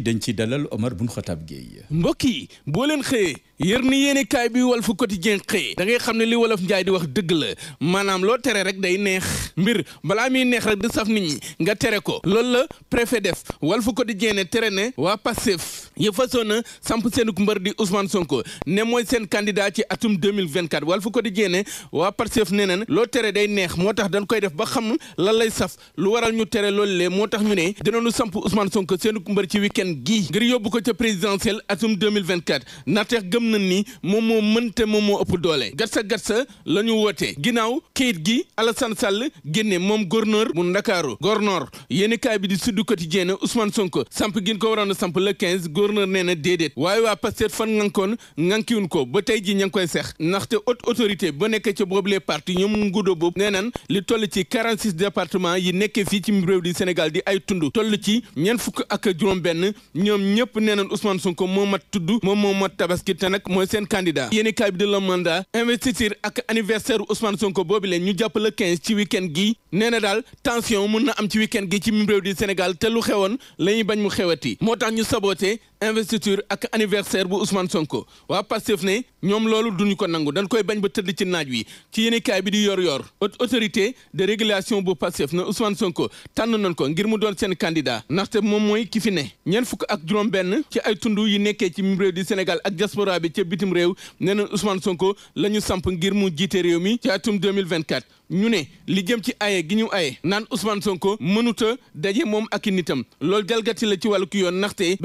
bi dañ ci dalal Omar Bun Khatab Gueye mbokk yi boo leen xëyee yër ni yéen i kaay bi Walf Quotidien xëy da ngay xam ne li wolof njaay di wax dëgg la maanaam loo tere rek day neex mbir balaa mi neex rek di saf nit ñi nga tere ko loolu la préfet def Walf Quotidien ne tere ne waa Pastef ya façon na samp seenuk mbër di Ousmane Sonko ne mooy seen candidat ci atum 2024 Walf Quotidien ne waa Pastef ne neen loo tere day neex moo tax dañ koy def ba xam lan lay saf lu waral ñu tere lool le moo tax ñu ne dinañu samp Ousmane Sonko seenuk mbër ci week-end gii ngir yóbbu ko ca présidentielle atum 2024 ndaxte gëm na ni moom moo mënte moom moo doole gatsa gatsa la ñu wootee ginnaaw kayit gi Alassane Sall génne moom gouverneur bu Ndakaaru gouverneur yéeni kaay bi di Sud Quotidien Ousmane Sonko samp gin ko waroon a samp le 15 gouverneur nee na déedéet waaye waa Pastef fan ngankoon ngankiwun ko ba tey ña ngi koy seex ndaxte haute autorité ba nekk ca boobu les partis ñoom ngudo boobu nee nan li toll ci 46 département yi nekkee fii ci réew di Sénégal di ay tund toll ci ñeent fukk ak juróom benn ñoom ñëpp nee nan Ousmane Sonko moo mat tudd moom moo mat tabaski te nag mooy seen candidat yéeni kaay bi di la mandat investiture ak anniversaire Ousmane Sonko boobi leen ñu jàpp le ci week-end gi nee na daal tension mun na am ci week gi ci mim réew di Sénégal te xewoon la ñuy bañ mu xewati moo tax ñu saboté investiture ak anniversaire bu Ousmane Sonko waa Pastef ne ñoom loolu du duñu ko nangu dañ koy bañ ba tëdd ci naaj wi ci yéenekaay bi di yor-yor autorité de régulation bu Pastef ne Ousmane Sonko tànn nañ ko ngir mu doon seen candidat ndaxte moom mooy ki fi ne ñeent fukk ak juróom-benn ci ay tund yi nekkee ci réew di Sénégal ak diaspora bi ca bitim réew nee na Ousmane Sonko la ñu samp ngir mu jiite réew mi ci atum 2024 ñu ne li jëm ci aye gi ñu aye naan Ousmane Sonko mënuta daje moom ak i loolu jalgati la ci wàllu yoon ndaxte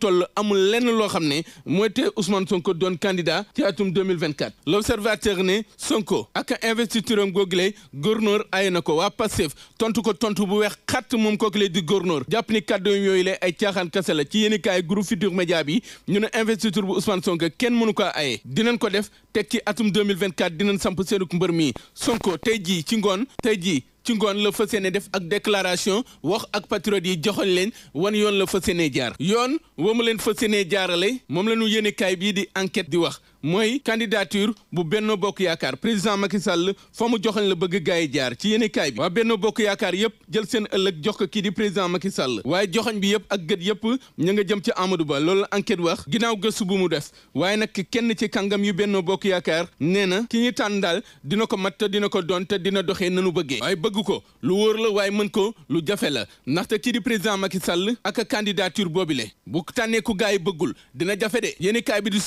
toll amul lenn loo xam ne mooy tee Ousmane Sonko doon candidat ci atum 2024 l'observateur ne Sonko ak investiture am googule gouverneur ay na ko waa Pastef tontu ko tontu bu weex xatt moom kooku lay di gouverneur jàpp ni kàddu yooyu le ay caaxaan kase la ci yéeni kaay groupe Futurs Médias bi ne investiture bu Ousmane Sonko kenn mënu ko aye dinañ ko def teg ci atum 2024 dinañ samp seenuk mbër mi Sonko tey jii ci ngoon tey jii ci ngoon la fas yéene def ak déclaration wax ak patriote yi joxoñ leen wan yoon la fas yéene jaar yoon wa mu leen fas yéene jaarale moom la ñu yéene kaay bii di enquête di wax mooy candidature bu benn Bokk Yaakaar président Macky Sall fa mu joxañ la bëgg gaay yi jaar ci yéene bi waa benn Bokk Yaakaar yëpp jël seen ëllëg jox ko kii di président Macky Sall waaye joxañ bi yëpp ak gët yëpp ñu nga jëm ci Amadou Ba loolu enquête wax ginnaaw gësu bu mu def waaye nag kenn ci kàngam yi benn Bokk Yaakaar nee na ki ñu tànn daal dina ko mat te dina ko doon te dina doxee nanu bëggee waaye bëgg ko lu wóor la waaye mën ko lu jafe la ndaxte kii di président Macky Sall ak candidature boobile bu tànnee ku yi bëggul dina jafe de yéene kaay bi di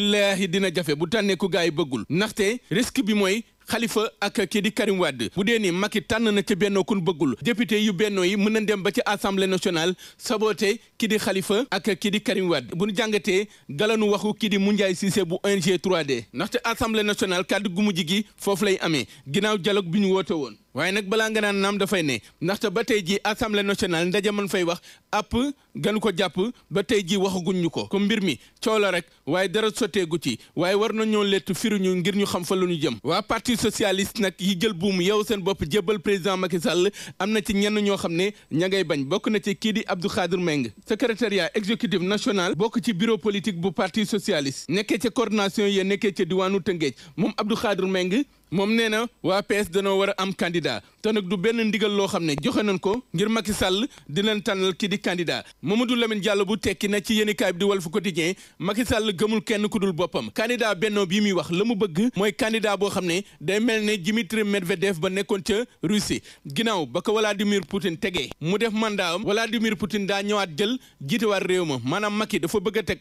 wallaahi dina jafe bu tànnee ku gars yi bëggul ndaxte risque bi mooy xalifa ak kii di Karim Wade bu dee ni Macky tànn na ci bennoo kun bëggul député yu bennoo yi mën na dem ba ci assemblée nationale saboté kii di Khalifa ak kii di Karim Wade bu nu jàngatee galanu waxu kii di Moundiaye Cissé bu ONG 3D ndaxte assemblée nationale kàddu gu mujj gi foofu lay amee ginnaaw dialogue bi ñu woote woon. waaye nag balaa nga naan naam dafay ne ndaxte ba tey jii assemblée nationale ndaje man fay wax app gën ko jàpp ba tey jii waxaguñ ñu ko. ko mbir mi coow rek waaye dara sotteegu ci waaye war na ñoo lettu firuñu ngir ñu xam fa lu ñu jëm. waa parti socialiste nag yi jël buum yow seen bopp jébbal président Macky Sall am na ci ñenn ñoo xam ne ña ngay bañ bokk na ci kii di Abdou Khadir Meng. secrétariat exécutif national. bokk ci bureau politique bu parti socialiste. nekkee ca coordination yi nekkee diwaanu Tëngéej moom Abdou Khadir Meng. moom nee na waa PS danoo war am candidat te nag du benn ndigal loo xam ne joxe nañ ko ngir Macky Sall di leen tànnal ki di candidat Mamadou Lamine jàll bu tekki na ci yéenekaay bi di Walf Quotidien Macky Sall gëmul kenn ku dul boppam candidat Benno bii muy wax la mu bëgg mooy candidat boo xam ne day mel ne Dimitri Medvedev ba nekkoon ca Russie ginnaaw ba ko Vladimir Poutine tegee mu def mandat am Vladimir Poutine daa ñëwaat jël jiitewaat réew ma maanaam Macky dafa bëgg a teg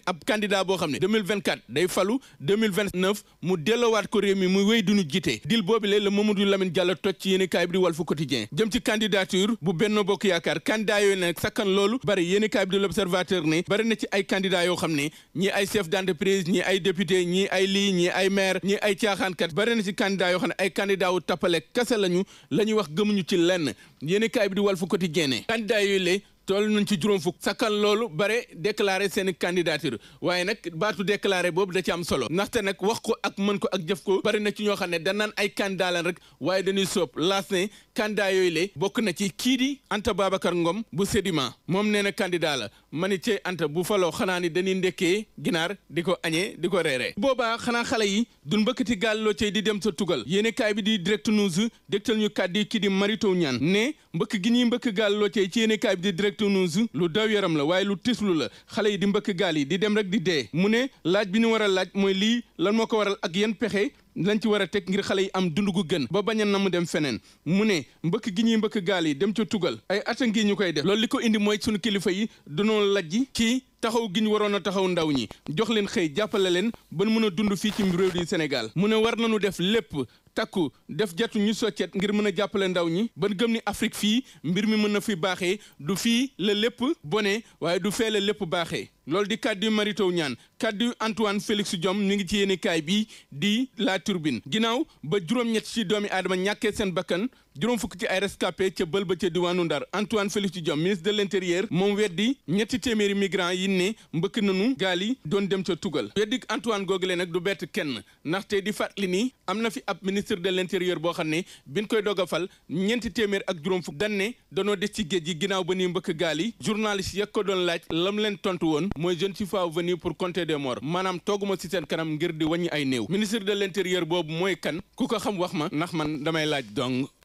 boo xam ne 2024 day falu 2029 mu delloowaat ko réew mi mu wéy duñu jiite bi dil boobi lee la Mamadou Lamine Diallo toj ci yéen i kaay bi di Walf Quotidien jëm ci candidature bu benn Bokk Yaakaar candidat yooyu nag sakkan loolu bari yenn i kaay bi di L'Observateur ne bari na ci ay candidat yoo xam ne ñii ay chef d'entreprise ñii ay député ñi ay lii ñii ay maire ñii ay caaxaankat bari na ci candidat yoo xam ne ay candidat wu tappale kese lañu la ñuy wax gëmuñu ci lenn yéen i bi di Walf Quotidien ne candidat yooyu lee toll nañ ci juróom fukk sakkal loolu bare déclaré seeni candidature waaye nag baatu déclaré boobu da ci am solo ndaxte nag wax ko ak mën ko ak jëf ko bari na ci ñoo xam ne danaan ay candidat rek waaye dañuy soop laas ne candidat yooyu le bokk na ci kii di Anta Babacar ngoom bu Sedima moom nee na candidat la ma ni cey anta bu faloo xanaa ni dañuy ndekkee ginaar di ko añee di ko reere boobaa xanaa xale yi dun mbëkkati gàlloo cey di dem sa tugal yéeni kaay bi di direct news dégtal ñu kàddi ki di marito ñaan ne mbëkk gi ñuy mbëkk gàlloo cey ci yéeni bi di direct lu daw yaram la waaye lu tislu la xale yi di mbëkk gaal yi di dem rek di dee mu ne laaj bi ñu war a laaj mooy lii lan moo ko waral ak yan pexe lañ ci war a teg ngir xale yi am dund ku gën ba bañ a na mu dem feneen mu ne mbëkk gi ñuy mbëkk gaal yi dem ca tugal ay at a ngi ñu koy def lool li ko indi mooy sunu kilifa yi danoo lajji ci taxaw gi ñu waroon a taxaw ndaw ñi jox leen xëy jàppale leen ba mën a dund fii ci réew di Sénégal mu ne war nañu def lépp takku def jatu ñu soccet ngir mën a jàppale ndaw ñi ban gëm ni Afrique fii mbir mi mën na fi baaxee du fii la lépp bone waaye du fee la lépp baaxee loolu di kàddu Mary Teuw Niane kàddu Antoine Félix Diome mi ngi ci yéenekaay bi di La Tribune ginaaw ba juróom-ñett ci doomi aadama ñàkkee seen bakkan juróom fukk ci ay rescapé ca bël ba ca diwaanu Ndar Antoine Félix Diome ministre de l'intérieur moom weddi ñetti téeméeri migrants yi ne mbëkk nanu gaal yi doon dem ca tugal weddi Antoine googule nag du bett kenn ndaxte di fàttali ni am na fi ab ministre de l'intérieur boo xam ne biñ koy dog a fal ñeenti téeméer ak juróom fukk dañ ne danoo des ci géej gi ginnaaw ba ni mbëkk gaal yi journaliste ya ko doon laaj lam leen tontu woon mooy je ne suis pas pour compter des morts maanaam tooguma kanam ngir di wàññi ay néew ministre de l'intérieur boobu mooy kan ku ko xam wax ma ndax man damay laaj dong